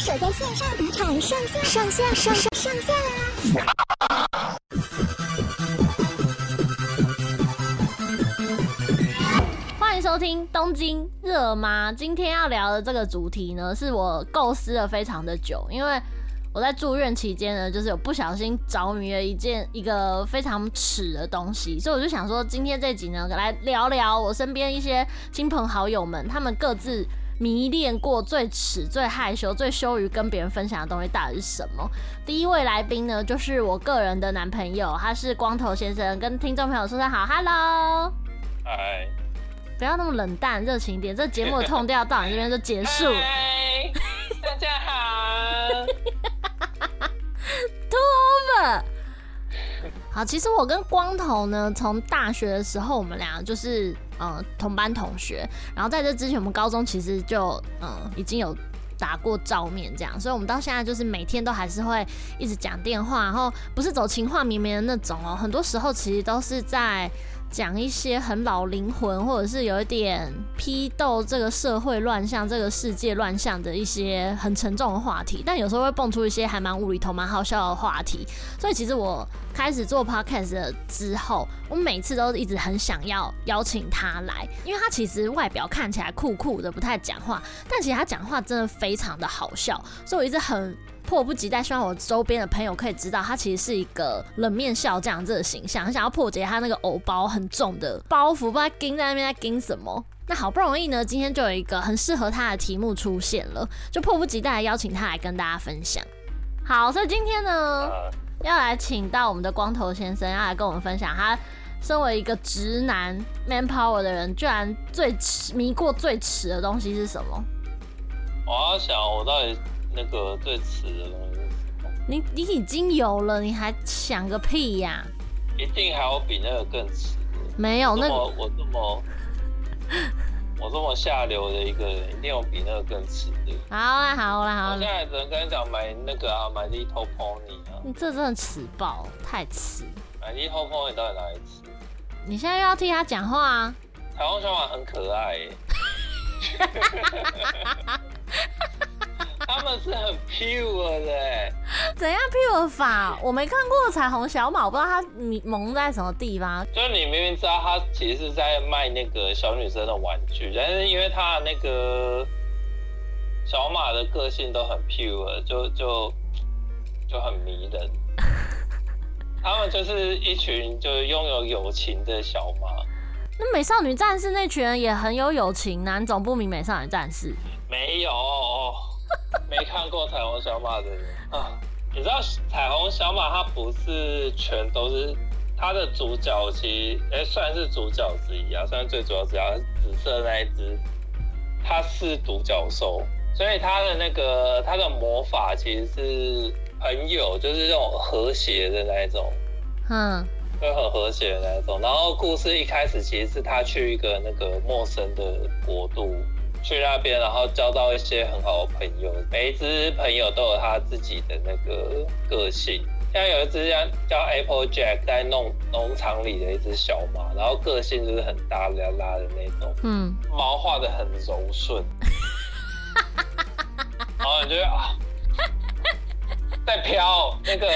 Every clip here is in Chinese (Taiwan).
守在線上打鏟上下上下上上下啦！下下啊啊、歡迎收聽東京熱嗎。今天要聊的這個主題呢，是我構思了非常的久，因為我在住院期間呢，就是有不小心着迷了一件一個非常恥的東西，所以我就想說，今天這集呢，來聊聊我身邊一些親朋好友們，他們各自。迷戀過最恥、最害羞、最羞於跟別人分享的東西，到底是什麼？第一位來賓呢，就是我個人的男朋友，他是光頭先生，跟聽眾朋友說聲好，Hello，嗨，Hi. 不要那麼冷淡，熱情一點，這節目的痛掉 到你這邊就結束了。Hi, 大家好 ，To o v e 其實我跟光頭呢，從大學的時候，我們倆就是嗯、呃、同班同學，然後在這之前，我們高中其實就嗯、呃、已經有打過照面，這樣，所以我們到現在就是每天都還是會一直講電話，然後不是走情話綿綿的那種哦，很多時候其實都是在。講一些很老靈魂，或者是有一點批鬥這個社會亂象、這個世界亂象的一些很沉重的話題，但有時候會蹦出一些還蠻無厘頭、蠻好笑的話題。所以其實我開始做 podcast 之後，我每次都一直很想要邀請他來，因為他其實外表看起來酷酷的，不太講話，但其實他講話真的非常的好笑，所以我一直很。迫不及待，希望我周邊的朋友可以知道，他其實是一個冷面笑匠這樣子的形象，很想要破解他那個偶包很重的包袱，不知道 ㄍㄧㄥ 在那邊在 ㄍㄧㄥ 什麼？那好不容易呢，今天就有一個很適合他的題目出現了，就迫不及待的邀請他來跟大家分享。好，所以今天呢，要來請到我們的光頭先生，要來跟我們分享，他身為一個直男 man power 的人，居然最迷過最恥的東西是什麼？我想，我到底。那個最恥的東西。你你已經有了，你還想個屁呀，啊？一定還有比那個更恥的。沒有，那我這麼，我這麼下流的一個人，一定要比那個更恥的好。好啦好啦好啦，我現在只能跟你講買那個啊，My Little Pony 啊。你這真的恥爆，太恥。My Little Pony 到底哪裡恥？你現在又要替他講話啊？彩虹小馬很可愛耶。 他們是很 pure 的，怎樣 pure 法？我沒看過彩虹小馬，我不知道它迷萌在什麼地方。就是你明明知道他其實是在賣那個小女生的玩具，但是因為他的那個小馬的個性都很 pure，就就，就就就很迷人。他們就是一群就是擁有友情的小馬。那美少女戰士那群人也很有友情，男總不明美少女戰士沒有。沒看過《彩虹小馬》的人啊，你知道《彩虹小馬》它，不是全都是它的主角，其實也、欸、算是主角之一啊，算是最主要主要紫色那一隻，它是獨角獸，所以它的那個它的魔法其實是很有，就是那種和諧的那一種，嗯，就很和諧的那一種。然後故事一開始其實是它去一個那個陌生的國度。去那邊，然後交到一些很好的朋友。每一隻朋友都有他自己的那個個性。像有一隻叫叫 Apple Jack，在弄農場裡的一隻小馬，然後個性就是很大喇喇的那種。嗯。毛畫的很柔順。然後你覺得啊，在飄那個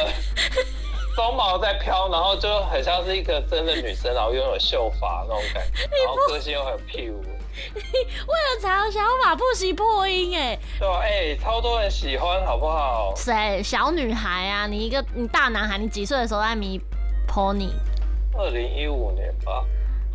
鬃毛在飄，然後就很像是一個真的女生，然後擁有秀髮那種感覺，然後個性又很 pure 你為了彩虹小馬不惜破音哎，對哎，超多人喜歡好不好？誰？小女孩啊，你一個你大男孩，你幾歲的時候在迷 Pony？二零一五年吧。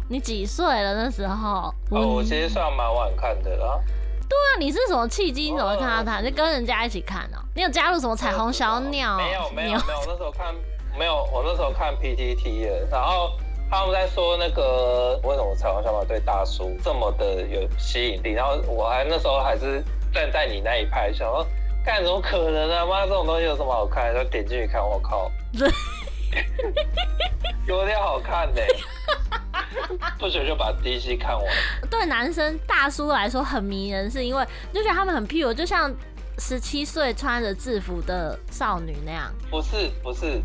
你幾歲了那時候、哦？我其實算蠻晚看的啦。對啊，你是什麼契機？你怎麼會看到它？就跟人家一起看哦、喔。你有加入什麼彩虹小鳥？沒有沒有沒有，沒有沒有 那時候看沒有，我那時候看 P T T 的，然後。他們在說那個為什麼彩虹小馬對大叔這麼的有吸引力？然後我還那時候還是站在你那一派，想說，幹怎麼可能呢、啊？媽，這種東西有什麼好看？然後點進去看，我靠，對 有點好看呢、欸。 不久就把 DC 看完。對男生大叔來說很迷人，是因為就覺得他們很 cute，就像十七歲穿着制服的少女那樣。不是不是，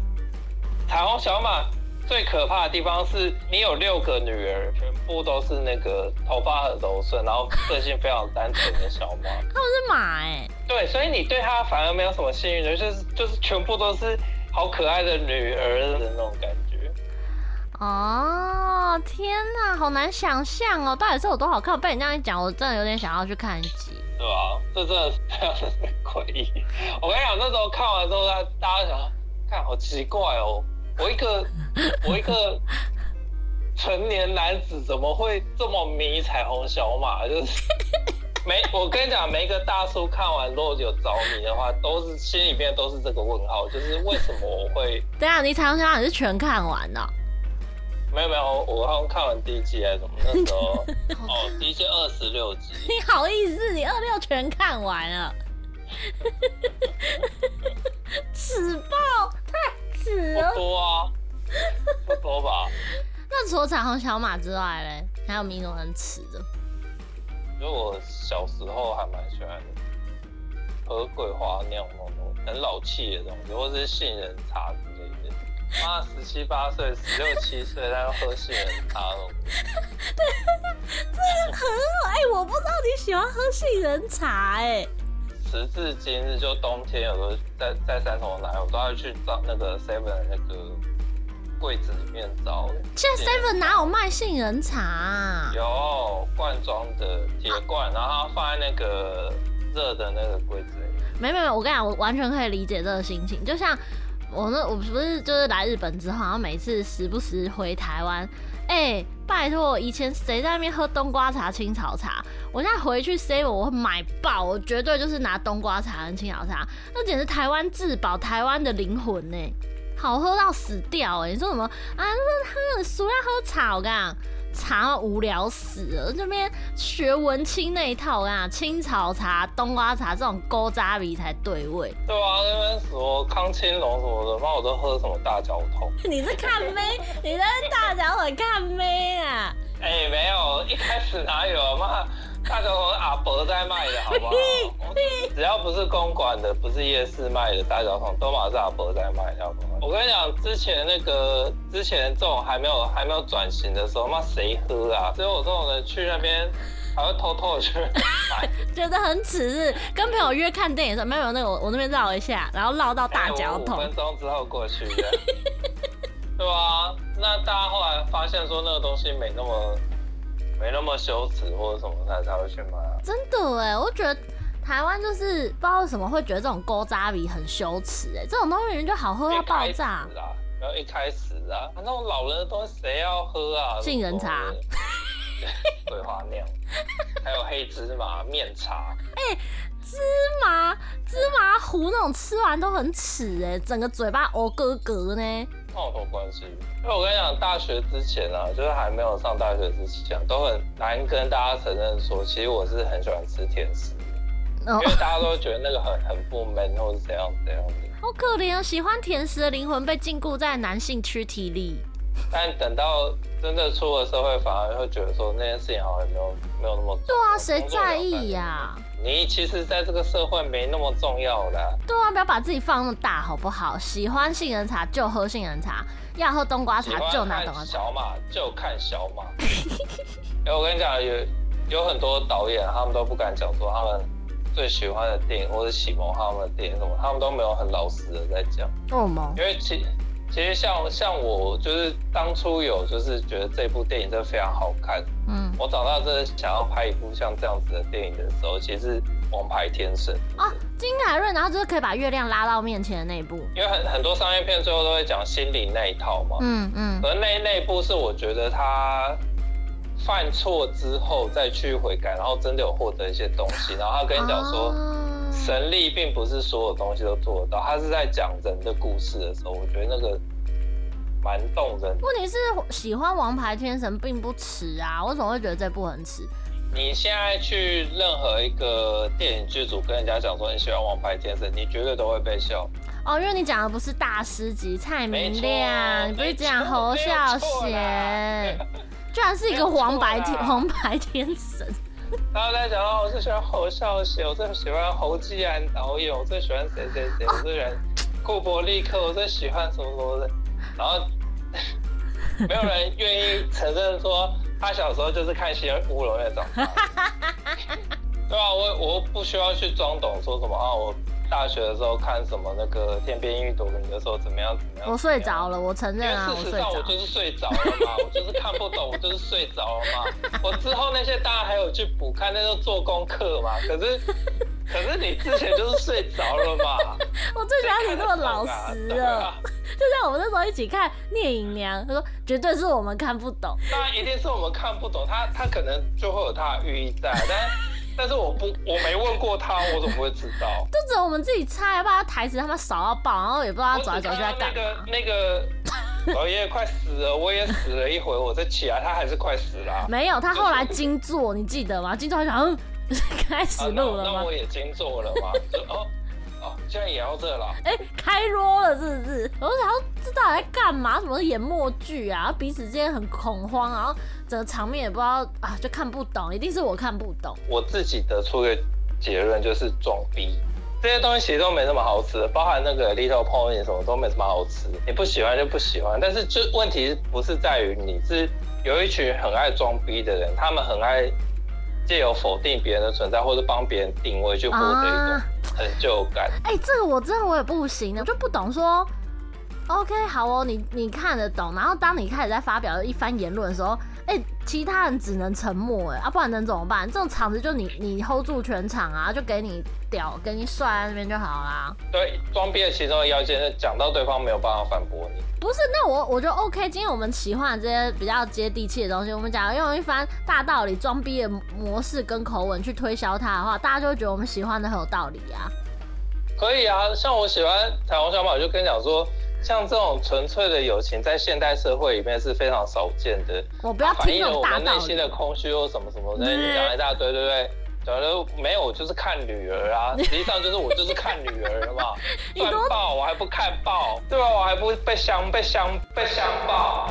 彩虹小馬。最可怕的地方是你有六個女兒，全部都是那個頭髮很柔順，然後個性非常單純的小馬。 他們是馬哎、欸，對，所以你對他反而沒有什麼幸運的，就是就是全部都是好可愛的女兒的那種感覺。哦天哪，好難想象哦，到底是有多好看？被你這樣一講，我真的有點想要去看一集，對吧、啊？這真的是詭異。 我跟你講，那時候看完之後，大大家想看好奇怪哦。我一個，我一個成年男子怎麼會這麼迷彩虹小馬？就是沒，我跟你講，每一個大叔看完如果有着迷的話，都是心裡面都是這個問號，就是為什麼我會？對啊，你彩虹小馬你是全看完的，喔？沒有沒有，我好像看完第一季還是什麼那時候，哦、 oh,，第一季二十六集。你好意思，你二六全看完了？恥爆 太！ 不多啊，不多吧。那除了彩虹小馬之外嘞，還有哪種能吃的？因為我小時候還蠻喜歡喝桂花釀那種很老氣的東西，或者是杏仁茶這些。媽，十七八歲、十六七歲，還要喝杏仁茶了。 對，這個、很好。哎、欸，我不知道你喜歡喝杏仁茶、欸，哎。時至今日，就冬天有時候，在在三重來，我都要去找那個 Seven 那個櫃子裡面找。現在 Seven 哪有賣杏仁茶啊？有罐裝的鐵罐，啊、然後放在那個熱的那個櫃子裡面。沒沒沒，我跟你講，我完全可以理解這個心情。就像我那我不是就是來日本之後，然後每次時不時回台灣。哎、欸，拜託，以前誰在那邊喝冬瓜茶、青草茶？我現在回去 say，我，會買爆，我絕對就是拿冬瓜茶和青草茶，那簡直台灣至寶，台灣的靈魂呢，好喝到死掉哎！你說什麼？啊，那他們說要喝草我茶無聊死了，這邊學文青那一套，啊，青草茶、冬瓜茶這種勾渣比才對味。對啊，那邊什麼康青龍什麼的，媽我都喝什麼大腳桶。 你是看妹？ 你在大腳很看妹啊？哎、欸，沒有，一開始哪有媽？大腳桶是阿伯在賣的好不好？ 只要不是公館的，不是夜市賣的大腳桶，都馬是阿伯在賣的。要不我跟你講，之前那個之前這種還沒有還沒有轉型的時候，那誰喝啊？所以我這種人去那邊，還會偷偷的去覺得 很恥。跟朋友約看電影的時候，沒有沒有那個我，我我那邊繞一下，然後繞到大腳桶，欸，五分鐘之後過去。 對吧，那大家後來發現說那個東西沒那麼。沒那麼羞恥或者什麼他才會去買啊？真的哎、欸，我覺得台灣就是不知道為什麼會覺得這種古早味很羞恥哎、欸，這種東西人就好喝到爆炸啊！沒有一開始啊，那、啊、種老人的東西誰要喝啊？杏仁茶、老人 桂花釀，還有黑芝麻麵茶。哎、欸，芝麻芝麻糊那種吃完都很恥哎、欸，整個嘴巴哦咯咯呢。跟我關係，因為我跟你講，大學之前啊，就是還沒有上大學之前，都很難跟大家承認說，其實我是很喜歡吃甜食，oh. 因為大家都覺得那個很很不 man，或是怎樣怎樣的。好可憐啊，喜歡甜食的靈魂被禁錮在男性軀體裡。但等到真的出了社會，反而會覺得說那件事情好像沒有沒有那麼重要……對啊，誰在意呀？啊？你其實在這個社會沒那麼重要的，啊。對啊，不要把自己放那麼大，好不好？喜歡杏仁茶就喝杏仁茶，要喝冬瓜茶就拿冬瓜茶。喜歡看小馬就看小馬。哎、 欸，我跟你講，有有很多導演，他們都不敢講說他們最喜歡的電影或者啟蒙他們的電影什麼，他們都沒有很老實的在講。為什麼？因為其。其實像、像我就是當初有就是覺得這部電影真的非常好看，嗯，我長大真的想要拍一部像這樣子的電影的時候，其實是《王牌天神》啊，金凱瑞，然後就是可以把月亮拉到面前的那一部，因為很、很多商業片最後都會講心靈那一套嘛，嗯嗯，而、嗯、那、那一部是我覺得他犯錯之後再去悔改，然後真的有獲得一些東西，然後他跟你講說，啊神力並不是所有東西都做得到，他是在講人的故事的時候，我覺得那個蠻動人的。問題是喜歡《王牌天神》並不恥啊，我怎麼會覺得這部很恥？你現在去任何一個電影劇組跟人家講說你喜歡《王牌天神》，你絕對都會被笑。哦，因為你講的不是大師級蔡明亮，沒錯，你不是講侯孝賢，居然是一個黃白天黃牌天神。然後大家都講啊，我最喜歡侯孝賢，我最喜歡侯繼安導演，我最喜歡誰誰誰，我最喜歡庫伯利克，我最喜歡什麼什麼的，然後沒有人願意承認說他小時候就是看些烏龍那種。對啊，我我不需要去裝懂說什麼啊，我。大學的時候看什麼那個天邊一朵雲的時候怎麼樣怎麼樣？我睡着了，我承認啊，事實上，我就是睡着了嘛，我睡著了 我就是看不懂，我就是睡着了嘛。我之後那些大家還有去補看，那個做功課嘛。可是，可是你之前就是睡着了嘛。 啊、我最喜歡你那麼老實的。就像我們那時候一起看《聶隱娘》，他說絕對是我們看不懂，當然一定是我們看不懂，他他可能就會有他的寓意在，但。但是我不，我沒問過他，我怎麼會知道？ 就只有我們自己猜，要不然他台詞他媽少到爆，然後也不知道他怎麼怎去在幹。在幹、那個。那個那個，老爺、 哦、快死了，我也死了一回，我再起來，他還是快死了。沒有，他後來驚做，你記得嗎？做好想開始錄了嗎、啊那？那我也驚做了嗎？就哦哦，現在也要這了。哎、欸，開鑼了是不是？我想知道他在幹嘛，什麼是演默劇啊？彼此之間很恐慌，然後。場面也不知道啊，就看不懂，一定是我看不懂。我自己得出的結論就是裝逼，這些東西其實都沒那麼好吃，包含那個 Little Pony 什麼都沒什麼好吃，你不喜歡就不喜歡。但是就問題不是在於你是有一群很愛裝逼的人，他們很愛借由否定別人的存在，或者幫別人定位去獲得一個成就感。哎、啊欸，這個我真的我也不行的，我就不懂說 OK 好哦，你你看得懂，然後當你開始在發表一番言論的時候。哎、欸，其他人只能沉默哎，啊，不然能怎麼辦？這種場子就你你 hold 住全場啊，就給你屌，給你帥在那邊就好啦。對，裝逼的其中的要件是講到對方沒有辦法反駁你。不是，那我我就 OK，今天我們喜歡這些比較接地氣的東西，我們假如用一番大道理裝逼的模式跟口吻去推銷它的話，大家就會覺得我們喜歡的很有道理啊。可以啊，像我喜歡《彩虹小馬》，就跟你講說。像這種純粹的友情，在現代社會裡面是非常少見的。我不要聽這種大道理，反映了我們內心的空虛或什麼什麼，什麼，講一大堆，對不對，對？講的沒有，我就是看女兒啊。對實際上就是我就是看女兒嘛，看報 都我還不看報，對吧，啊？我還不被香被香被香爆。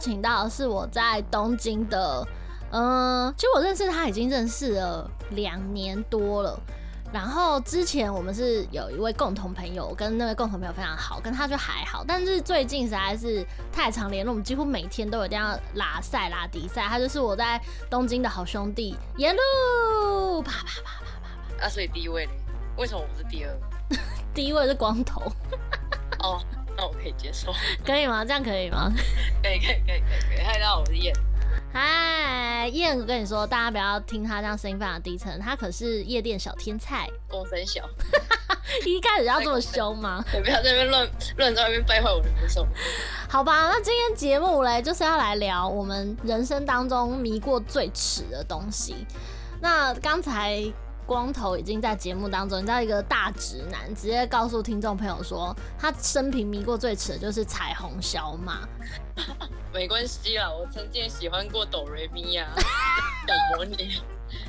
請到的是我在東京的，嗯，其實我認識他已經認識了兩年多了，然後之前我們是有一位共同朋友，跟那個共同朋友非常好，跟他就還好，但是最近實在是太常聯絡，我們幾乎每天都一定要拉賽拉比賽，他就是我在東京的好兄弟，YEN 啪,啪啪啪啪啪啪。啊，所以第一位呢，為什麼我不是第二？ 第一位是光頭。哦。 Oh. 那我可以接受，可以嗎？這樣可以嗎？可以可以可以可以。嗨，我是燕。嗨，燕，我跟你說，大家不要聽他這樣聲音，非常低沉，他可是夜店小天才。共三小。 一開始要這麼凶嗎？你不要在那邊亂亂在外面敗壞我的名聲。好吧，那今天節目嘞，就是要來聊我們人生當中迷過最恥的東西。那剛才。光頭已經在節目當中，你知道一個大直男，直接告訴聽眾朋友說，他生平迷過最恥的就是彩虹小馬。 沒關係啦，我曾經喜歡過哆瑞咪呀，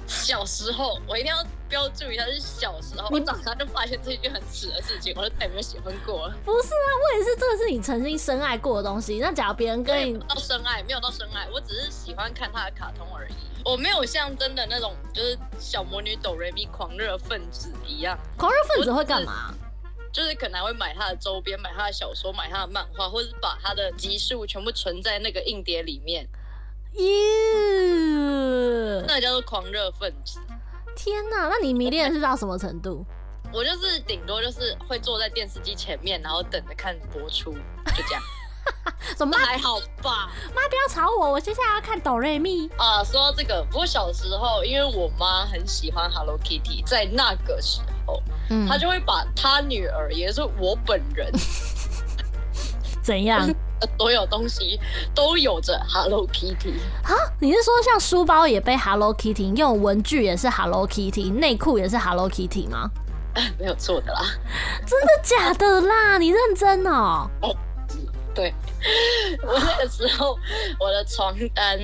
小時候，我一定要標註一下是小時候。不我長大就發現這一句很恥的事情，我就再也沒有喜歡過了。不是啊，我也是，這個是你曾經深愛過的東西。那假如別人跟你，欸、到深愛，沒有到深愛，我只是喜歡看他的卡通而已。我沒有像真的那種，就是小魔女哆瑞咪狂熱分子一樣。狂熱分子會幹嘛？是就是可能還會買他的周邊，買他的小說，買他的漫畫，或者是把他的集數全部存在那個硬碟裡面。那叫做狂熱分子！天哪、啊，那你迷戀的是到什麼程度？ 我就是頂多就是會坐在電視機前面，然後等着看播出，就這樣。怎 麼媽還好吧？媽，不要吵我，我接下來要看《哆瑞咪》。啊，說到這個，不過小時候，因為我媽很喜歡 Hello Kitty，在那個時候，嗯，她就會把她女兒，也就是我本人， 怎樣？ 所有東西都有着 Hello Kitty 啊！你是說像書包也背 Hello Kitty 用文具也是 Hello Kitty 內褲也是 Hello Kitty 嗎？沒有錯的啦！真的假的啦？ 你認真哦、喔？對，我那個時候我的床單。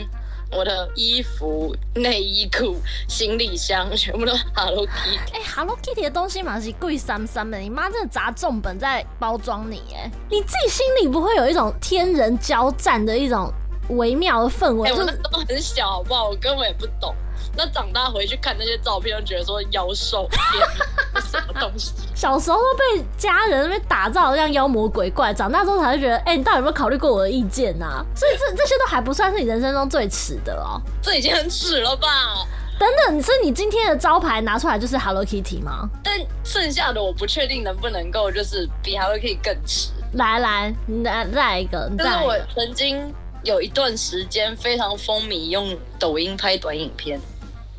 我的衣服、內衣褲、行李箱全部都 Hello Kitty。哎、欸，Hello Kitty 的東西嘛是貴三三的，你媽真的砸重本在包裝你哎！你自己心裡不會有一種天人交戰的一種微妙的氛圍，欸？我們都很小，好不好？不，我根本也不懂。那長大回去看那些照片，就覺得說妖獸是 什麼東西。小時候都被家人那邊打造的像妖魔鬼怪，長大之後才會覺得，哎、欸，你到底有沒有考慮過我的意見吶、啊？所以這這些都還不算是你人生中最恥的哦。這已經很恥了吧？等等，是你今天的招牌拿出來就是 Hello Kitty 嗎？但剩下的我不確定能不能夠就是比 Hello Kitty 更恥。來來，再來一個。但是我曾經有一段時間非常風靡，用抖音拍短影片。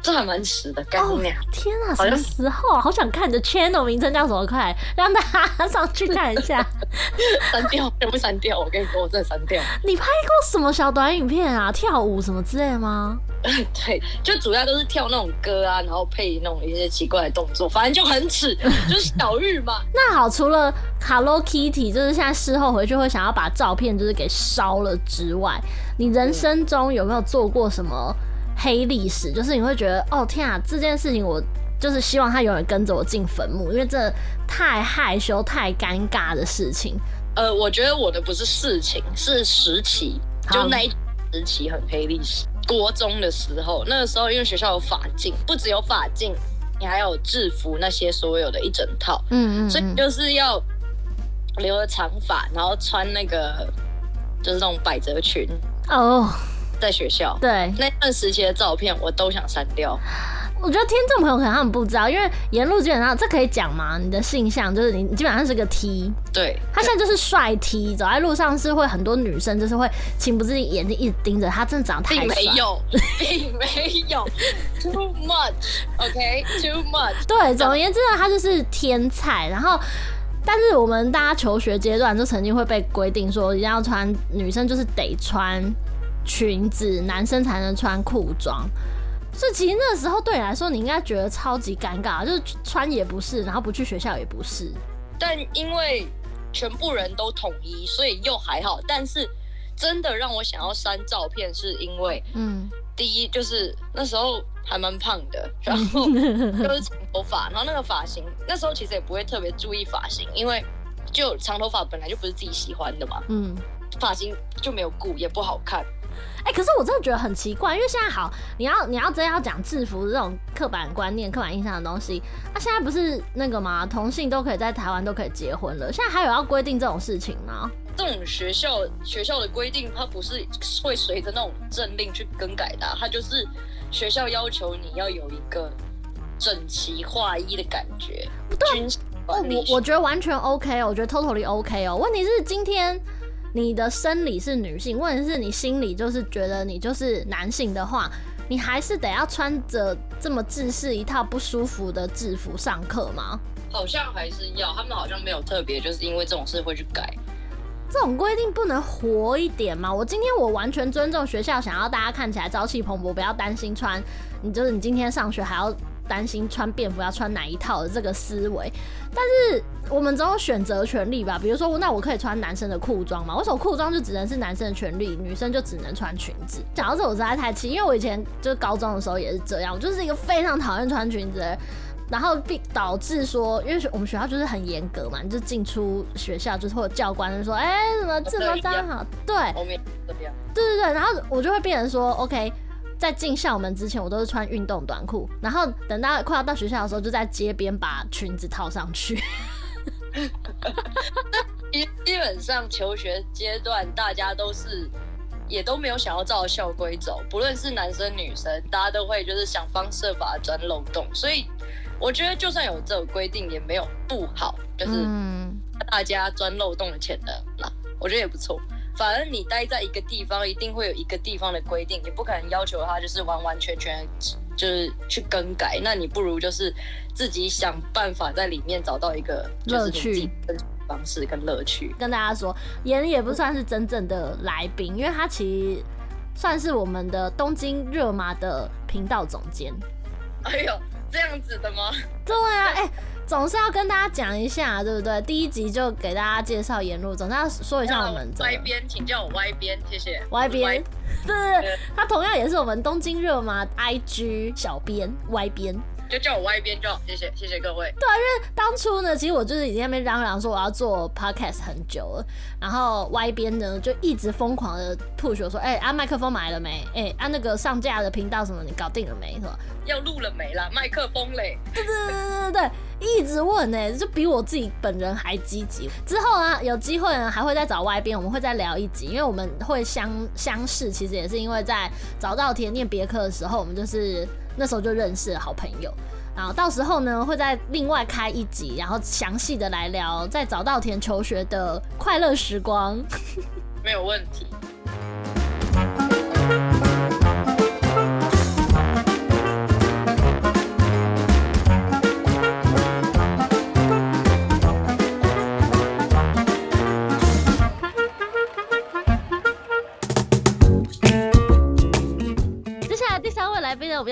這還蠻恥的，幹嘛呀、哦、天哪！什麼時候啊？好，像好想看你的 channel 名稱叫什麼？快，快讓大家上去看一下。 刪掉？全部刪掉？我跟你說，我真的刪掉。你拍過什麼小短影片啊？跳舞什麼之類的嗎？對，就主要都是跳那種歌啊，然後配那種一些奇怪的動作，反正就很恥，就是小玉嘛。 那好，除了 Hello Kitty，就是現在事後回去會想要把照片就是給燒了之外，你人生中有沒有做過什麼？黑歷史就是你會覺得哦，天啊，這件事情我就是希望他永遠跟着我進墳墓，因為這太害羞太尷尬的事情。呃，我覺得我的不是事情，是時期，好就那一時期很黑歷史。國中的時候，那個時候因為學校有髮禁，不只有髮禁，你還要有制服那些所有的一整套，嗯，嗯嗯，所以就是要留了長髮，然後穿那個就是那種百褶裙哦。Oh 在學校，對那段時期的照片，我都想刪掉。我覺得聽眾朋友可能他們不知道，因為顏路基本上這可以講嗎？你的性向就是你，你基本上是個 T，對。他現在就是帥 T，對走在路上是會很多女生就是會情不自禁眼睛一直盯着他，真的長得太帥。並沒有，並沒有 ，too much，OK，too much。對，總而言之呢，他就是天才。然後，但是我們大家求學階段就曾經會被規定說一定要穿，女生就是得穿。裙子，男生才能穿褲裝，所以其實那時候對你來說，你應該覺得超級尷尬，就是穿也不是，然後不去學校也不是。但因為全部人都統一，所以又還好。但是真的讓我想要刪照片，是因為，嗯，第一就是那時候還蠻胖的，然後都是長頭髮， 然後那個髮型，那時候其實也不會特別注意髮型，因為就長頭髮本來就不是自己喜歡的嘛，嗯，髮型就沒有顧，也不好看。欸、可是我真的覺得很奇怪，因為現在好，你要你要真的要講制服這種刻板觀念、刻板印象的東西，那、啊、現在不是那個嗎？同性都可以在台灣都可以結婚了，現在還有要規定這種事情嗎？這種學校學校的規定，它不是會隨着那種政令去更改的、啊，它就是學校要求你要有一個整齊劃一的感覺。對不，哦，我我覺得完全 OK，、哦、我覺得 totally OK 哦。問題是今天。你的生理是女性，或者是你心裡就是覺得你就是男性的話，你還是得要穿着這麼制式一套不舒服的制服上課嗎？好像還是要，他們好像沒有特別，就是因為這種事會去改，這種規定不能活一點嗎？我今天我完全尊重學校，想要大家看起來朝氣蓬勃，不要擔心穿，你就是你今天上學還要。擔心穿便服要穿哪一套的這個思維，但是我們總有選擇權利吧？比如說，那我可以穿男生的褲裝嘛？我說褲裝就只能是男生的權利，女生就只能穿裙子。講到這，我實在太氣，因為我以前就是高中的時候也是這樣，我就是一個非常討厭穿裙子的人，然後並導致說，因為我們學校就是很嚴格嘛，就進出學校就是或者教官就說，哎、欸，怎麼這麼髒？對，對對對，然後我就會變成說，OK。在進校門之前，我都是穿運動短褲，然後等到快要到學校的時候，就在街邊把裙子套上去。 基本上求學階段，大家都是也都沒有想要照校規走，不論是男生女生，大家都會就是想方設法鑽漏洞。所以我覺得，就算有這個規定，也沒有不好，就是大家鑽漏洞的潛能啦。嗯。我覺得也不錯。反而你待在一個地方，一定會有一個地方的規定，你不可能要求他就是完完全全，就是去更改。那你不如就是自己想辦法在裡面找到一個樂趣方式跟樂趣。趣跟大家說，YEN 也不算是真正的來賓，我因為他其實算是我們的東京熱嗎的頻道總監。哎呦，這樣子的嗎？對啊，哎、 欸。總是要跟大家講一下，對不對？第一集就給大家介紹嚴路，總是要說一下我們這歪編，請叫我歪編，謝謝。歪編邊，歪邊，對對，對邊他同樣也是我們東京熱嗎？IG 小編歪編，就叫我歪編就好，謝謝，謝謝各位。對，因為當初呢，其實我就是已經在那邊嚷嚷說我要做 podcast 很久了，然後歪編呢就一直瘋狂的 push 我說，哎、欸、啊，麥克風買了沒？哎、欸、啊，那個上架的頻道什麼你搞定了沒？是吧？要錄了沒啦？麥克風嘞？對對對對對對。 一直問呢、欸，就比我自己本人還積極。之後啊，有機會呢還會再找外賓，我們會再聊一集，因為我們會相相識，其實也是因為在早稻田念別科的時候，我們就是那時候就認識了好朋友。然後到時候呢，會再另外開一集，然後詳細的來聊在早稻田求學的快樂時光。沒有問題。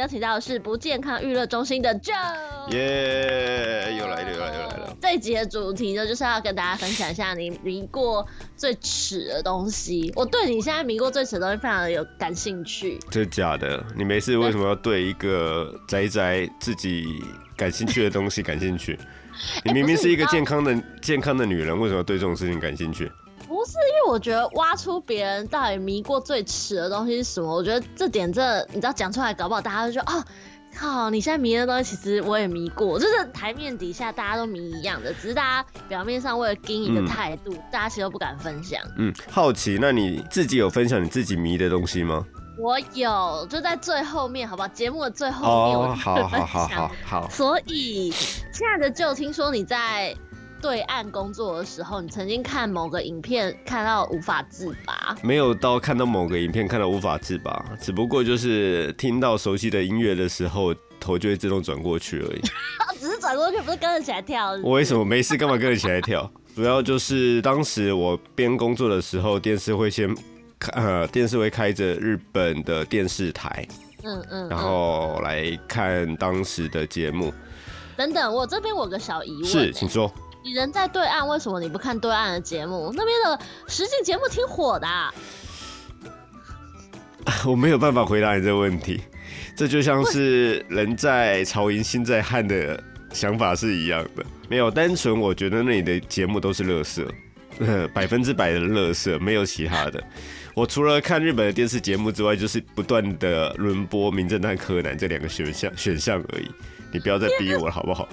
提到的是不健康育樂中心的 Joe，耶，又來了又來了又來了。來了來了，這一集的主題呢，就是要跟大家分享一下你迷過最恥的東西。我對你現在迷過最恥的東西非常的有感興趣。真的假的？你沒事為什麼要對一個宅宅自己感興趣的東西感興趣？對你明明是一個健康的 健康的女人，為什麼要對這種事情感興趣？不是因為我覺得挖出別人到底迷過最恥的東西是什麼，我覺得這點這你知道講出來搞不好大家都說哦，靠你現在迷的東西其實我也迷過，就是台面底下大家都迷一樣的，只是大家表面上為了給你一個態度，嗯、大家其實都不敢分享。嗯，好奇，那你自己有分享你自己迷的東西嗎？我有，就在最後面，好不好？節目的最後面我。哦，好好好好好，好。所以，親愛的就聽說你在。對岸工作的時候，你曾經看某個影片，看到無法自拔？沒有到看到某個影片看到無法自拔，只不過就是聽到熟悉的音樂的時候，頭就會自動轉過去而已。 只是轉過去，不是跟着起來跳。是是我為什麼沒事幹嘛跟着起來跳？ 主要就是當時我邊工作的時候，電視會先，呃，電視會開着日本的電視台，嗯，嗯嗯，然後來看當時的節目。等等，我這邊我有個小疑問，欸、是，請說。你人在對岸，為什麼你不看對岸的節目？那邊的實境節目挺火的啊。 我沒有辦法回答你這個問題，這就像是人在曹營心在漢的想法是一樣的。沒有，單純我覺得那裡的節目都是垃圾，百分之百的垃圾，沒有其他的。 我除了看日本的電視節目之外，就是不斷的輪播《名偵探柯南》這兩個選項選項而已。你不要再逼我了，好不好？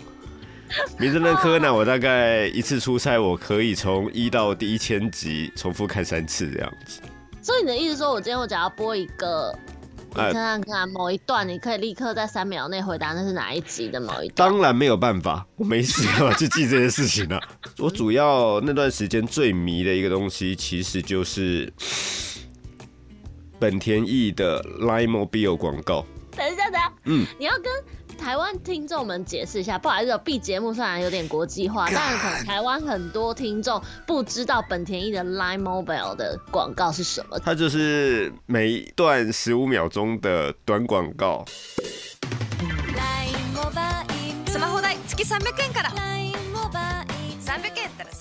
名偵探柯南，那 oh。我大概一次出差，我可以從一到第一千集重複看三次這樣子。所以你的意思說，我今天我只要播一個，名、呃、看看某一段，你可以立刻在三秒內回答那是哪一集的某一段？當然沒有辦法，我沒事要去 記這些事情了。 我主要那段時間最迷的一個東西，其實就是本田翼的 LINE MOBILE 廣告等。等一下的，嗯，你要跟台灣聽眾們解釋一下，不好意思，我 B 節目雖然有點國際化，God. 但可能台灣很多聽眾不知道本田翼的 Line Mobile 的廣告是什麼。它就是每一段十五秒鐘的短廣告。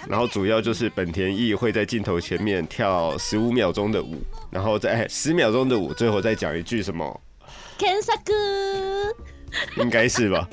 然後主要就是本田翼會在鏡頭前面跳十五秒鐘的舞，然後再十秒鐘的舞，最後再講一句什麼？Kensaku。 應該是吧，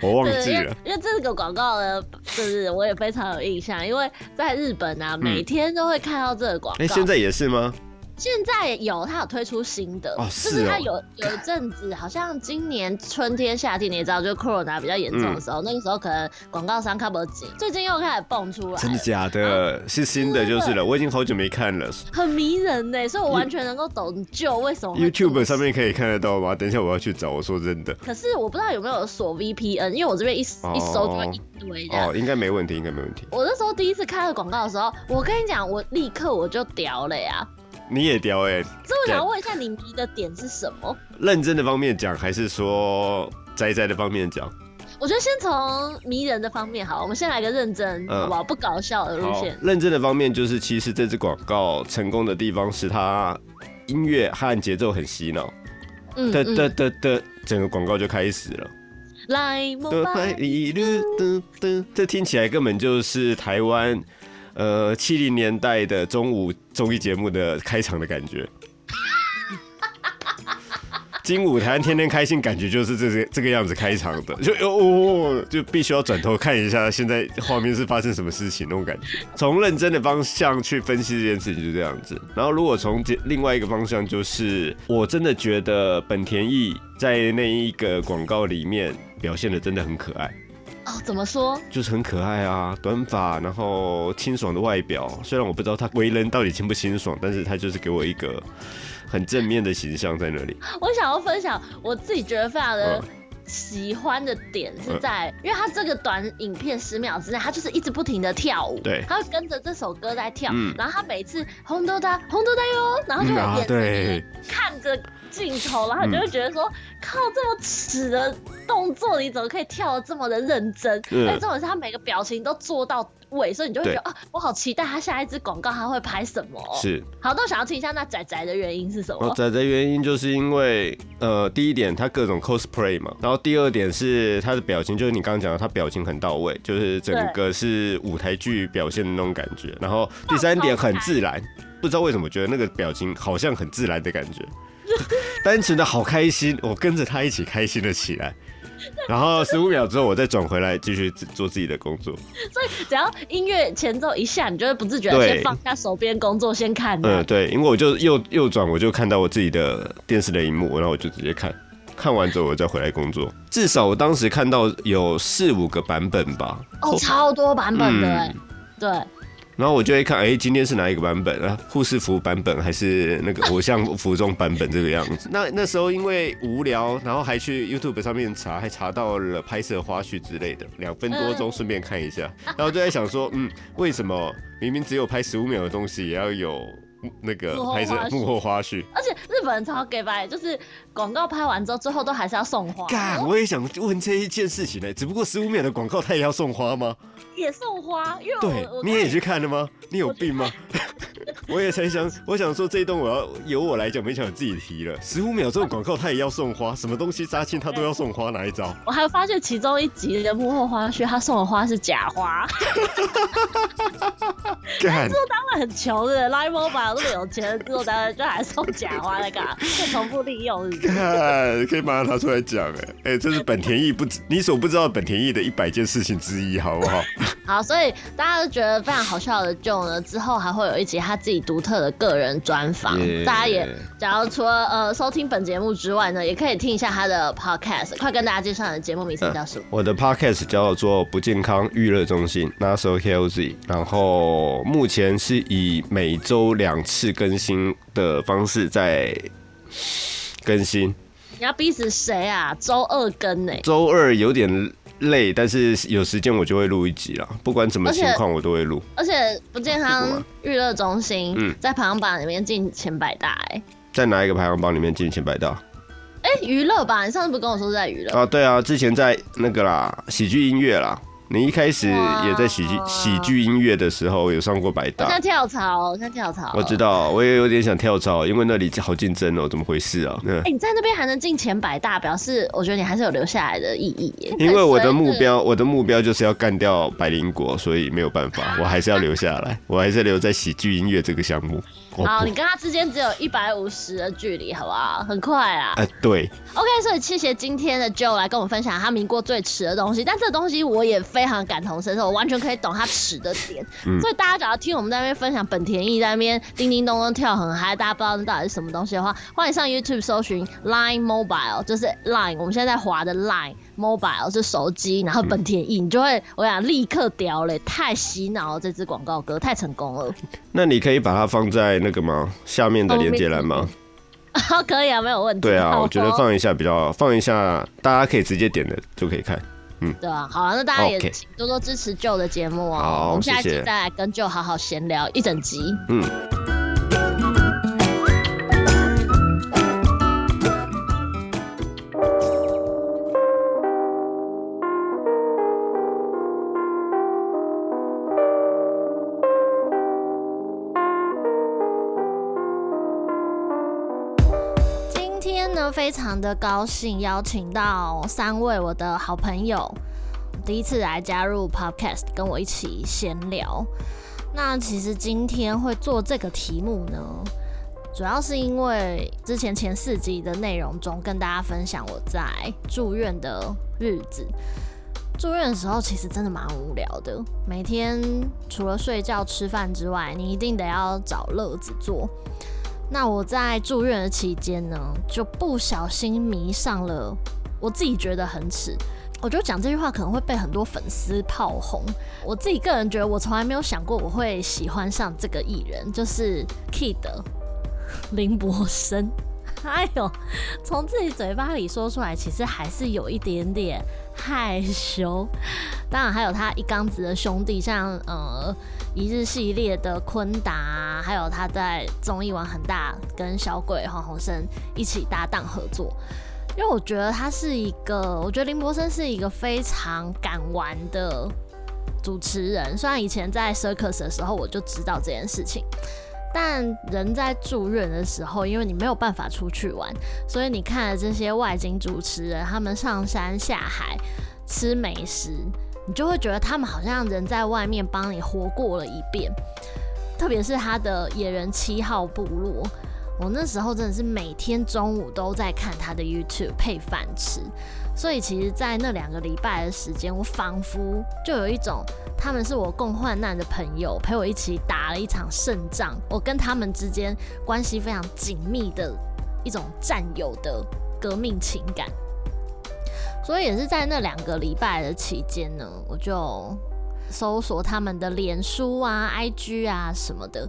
我忘記了因。因為這個廣告呢，就是我也非常有印象，因為在日本啊，每天都會看到這個廣告。嗯。欸，現在也是嗎？現在有，它有推出新的，就是它有有一陣子，好像今年春天、夏天，你也知道，就 corona 比較嚴重的時候，那個時候可能廣告商看不到景。最近又開始蹦出來，真的假的？是新的就是了，我已經好久沒看了，很迷人呢，所以我完全能夠懂就為什麼。YouTube 上面可以看得到嗎？等一下我要去找，我說真的。可是我不知道有沒有鎖 VPN，因為我這邊一一搜，一堆的，應該沒問題，應該沒問題。我那時候第一次看到廣告的時候，我跟你講，我立刻我就屌了呀。你也屌哎、欸！那我想要問一下，你迷的點是什麼？認真的方面講，還是說呆呆的方面講？我覺得先從迷人的方面好，我們先來個認真，嗯、好不好，不搞笑的路線。認真的方面就是，其實這支廣告成功的地方是它音樂和節奏很洗腦、嗯，嗯的的的，整個廣告就開始了。來，摸吧！這聽起來根本就是台灣。呃，七零年代的中午綜藝節目的開場的感覺，金舞台天天開心，感覺就是這些、個、這個樣子開場的，就哦，就必須要轉頭看一下現在畫面是發生什麼事情那種感覺。從認真的方向去分析這件事情，就這樣子。然後，如果從另外一個方向，就是我真的覺得本田翼在那一個廣告裡面表現得真的很可愛。哦，oh, 怎麼說？就是很可愛啊，短髮，然後清爽的外表。雖然我不知道他為人到底清不清爽，但是他就是給我一個很正面的形象在那裡。我想要分享，我自己覺得非常的。Oh. 喜歡的點是在，因為他這個短影片，十秒之內，他就是一直不停的跳舞，對，他會跟着這首歌在跳，嗯、然後他每次紅豆大紅豆大喲，然後就會眼然後對看着鏡頭，然後就會覺得說，嗯、靠這麼恥的動作，你怎麼可以跳得這麼的認真？但、嗯、重點是他每個表情都做到。尾所以你就會覺得對啊，我好期待他下一支廣告，他會拍什麼？是，好，都想要聽一下。那仔仔的原因是什麼？仔仔原因就是因為，呃，第一點他各種 cosplay 嘛，然後第二點是他的表情，就是你剛剛講的，他表情很到位，就是整個是舞台劇表現的那種感覺。對然後第三點很自然，不知道為什麼覺得那個表情好像很自然的感覺， 單純的好開心，我跟着他一起開心了起來。 然後十五秒之後，我再轉回來繼續做自己的工作。所以只要音樂前奏一下，你就會不自覺的先放下手邊工作，先看的。嗯，對，因為我就右右轉，我就看到我自己的電視的熒幕，然後我就直接看，看完之後我再回來工作。 至少我當時看到有四五個版本吧。哦，哦超多版本的，嗯、對。然後我就會看，哎，今天是哪一個版本啊？護士服版本還是那個偶像服裝版本這個樣子？ 那那時候因為無聊，然後還去 YouTube 上面查，還查到了拍攝花絮之類的，兩分多鐘，順便看一下。然後就在想說，嗯，為什麼明明只有拍十五秒的東西也要有？那個拍攝幕後花絮，而且日本人超假掰就是廣告拍完之後，之後都還是要送花。幹，我也想問這一件事情呢，只不過十五秒的廣告，他也要送花嗎？也送花，因為我，你也去看了嗎？你有病嗎？我也才想，我想說這一段我要由我來講，沒想到自己提了。十五秒這個廣告，他也要送花？什麼東西殺青他都要送花？哪一招？我還發現其中一集的幕後花絮，他送的花是假花。幹，這當然很窮的 LINE MOBILE。 這麼有錢，後，大家就還送假花在幹，就重複利用是是。你可以把它拿出來講哎哎，這是本田翼不知 你所不知道本田翼的一百件事情之一，好不好？好，所以大家都覺得非常好笑的就呢，之後還會有一集他自己獨特的個人專訪。Yeah. 大家也假如除了呃收聽本節目之外呢，也可以聽一下他的 Podcast。快跟大家介紹你的節目名稱叫什麼？Uh, 我的 Podcast 叫做不健康育樂中心 Not so Healthy，然後目前是以每周兩。次更新的方式在更新，你要逼死誰啊？周二更呢？周二有點累，但是有時間我就會錄一集了。不管什麼情況我都會錄，而且不健康育樂中心在排行榜裡面進前百大哎、欸，在哪一個排行榜裡面進前百大？哎、欸，娛樂吧，你上次不跟我說是在娛樂啊？對啊，之前在那個啦，喜劇音樂啦。你一開始也在喜劇喜劇音樂的時候有上過百大，像跳槽，像跳槽。我知道，我也有點想跳槽，因為那裡好競爭哦、喔，怎麼回事啊？哎，你在那邊還能進前百大，表示我覺得你還是有留下來的意義。因為我的目標，我的目標就是要幹掉百靈果，所以沒有辦法，我還是要留下來，我還是留在喜劇音樂這個項目。好，你跟他之間只有一百五十的距離，好不好？很快啊！哎、呃，對。OK，所以謝謝今天的 Joe 來跟我們分享他迷過最恥的東西，但這個東西我也非常感同身受，所以我完全可以懂他恥的點。嗯、所以大家只要聽我們在那邊分享本田翼在那邊叮叮咚咚跳很嗨，大家不知道這到底是什麼東西的話，歡迎上 YouTube 搜尋 Line Mobile，就是 Line，我們現在在滑的 Line。mobile，而是手機，然後本田翼、嗯、就會，我想立刻屌嘞！太洗腦了，這支廣告歌太成功了。那你可以把它放在那個嗎？下面的連接欄嗎？好、oh, me. 哦，可以啊，沒有問題。對啊，多我覺得放一下比較好，放一下大家可以直接點的就可以看。嗯，對啊，好啊，那大家也多多支持 Joe 的節目啊。Okay 好，我們下集再來跟 Joe 好好閒聊一整集。嗯。非常的高興邀請到三位我的好朋友，第一次來加入 Podcast 跟我一起閒聊。那其實今天會做這個題目呢，主要是因為之前前四集的內容中跟大家分享我在住院的日子。住院的時候其實真的蠻無聊的，每天除了睡覺吃飯之外，你一定得要找樂子做。那我在住院的期間呢，就不小心迷上了。我自己覺得很恥，我就講這句話可能會被很多粉絲炮轟，我自己個人覺得我從來沒有想過我會喜歡上這個藝人，就是 Kid 林柏昇。哎呦從自己嘴巴裡說出來，其實還是有一點點害羞。當然，還有他一缸子的兄弟，像呃一日系列的坤達、啊，還有他在綜藝玩很大，跟小鬼黃鴻升一起搭檔合作。因為我覺得他是一個，我覺得林柏昇是一個非常敢玩的主持人。雖然以前在《Circus》的時候，我就知道這件事情。但人在住院的時候，因為你沒有辦法出去玩，所以你看了這些外景主持人他們上山下海、吃美食，你就會覺得他們好像人在外面幫你活過了一遍。特別是他的《野人七號部落》，我那時候真的是每天中午都在看他的 YouTube 配飯吃。所以其實，在那兩個禮拜的時間，我仿佛就有一種他們是我共患難的朋友，陪我一起打了一場勝仗，我跟他們之間關係非常緊密的一種戰友的革命情感。所以也是在那兩個禮拜的期間呢，我就搜索他們的臉書啊、IG 啊什麼的，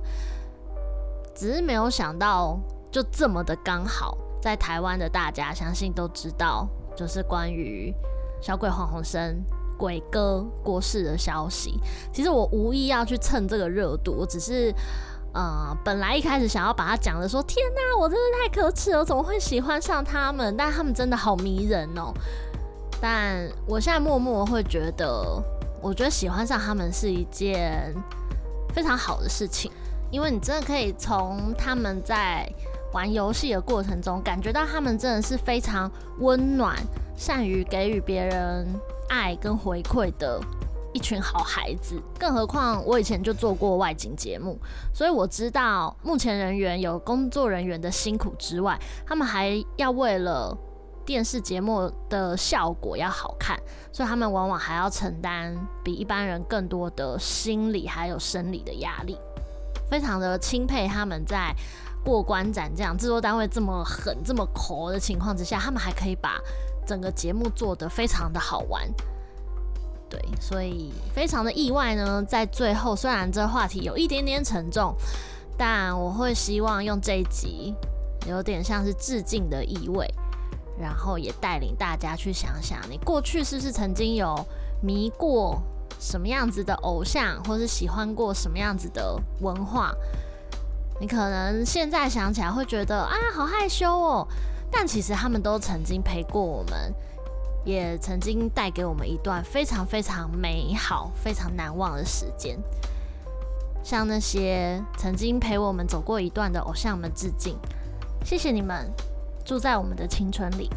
只是沒有想到就這麼的剛好，在台灣的大家相信都知道。就是關於小鬼黃鴻升鬼哥過世的消息。其實我無意要去蹭這個熱度，我只是，呃，本來一開始想要把它講的說，天哪、啊，我真的太可恥了，我怎麼會喜歡上他們？但他們真的好迷人哦、喔。但我現在默默會覺得，我覺得喜歡上他們是一件非常好的事情，因為你真的可以從他們在。玩遊戲的過程中，感覺到他們真的是非常溫暖、善於給予別人愛跟回饋的一群好孩子。更何況我以前就做過外景節目，所以我知道目前人員有工作人員的辛苦之外，他們還要為了電視節目的效果要好看，所以他們往往還要承擔比一般人更多的心理還有生理的壓力。非常的欽佩他們在。過關斬將，製作單位這麼狠，這麼摳的情況之下，他們還可以把整個節目做得非常的好玩，對，所以非常的意外呢。在最後，雖然這話題有一點點沉重，但我會希望用這一集有點像是致敬的意味，然後也帶領大家去想想，你過去是不是曾經有迷過什麼樣子的偶像，或是喜歡過什麼樣子的文化。你可能現在想起來會覺得啊，好害羞哦。但其實他們都曾經陪過我們，也曾經帶給我們一段非常非常美好、非常難忘的時間。向那些曾經陪我們走過一段的偶像們致敬，謝謝你們住在我們的青春裡。